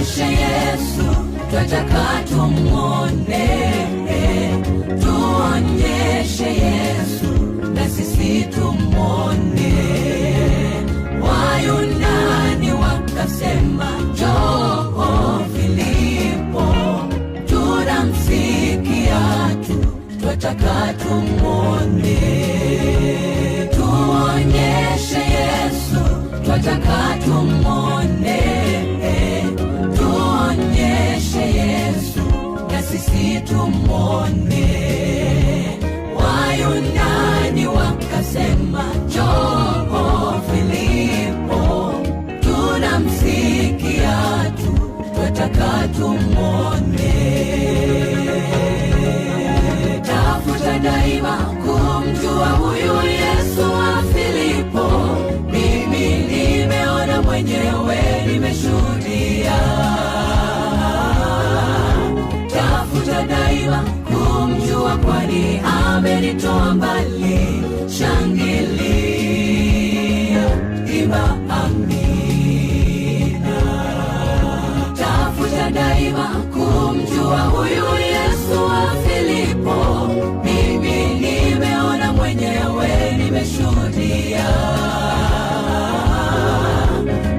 Tumwonyeshe Yesu, twataka tumwone, tuonyeshe Yesu na sisi tumwone. Wayunani wakasema njoo Filipo, tuna msiki yatu twataka tumwone, tuonyeshe Yesu, twataka tumwone tumone kwani amenitoa mbali. Shangilia, imba amina, tafuta daima kumjua huyu Yesu wa Filipo. Mimi nimeona mwenyewe, nimeshuhudia,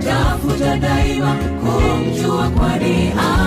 tafuta daima kumjua kwani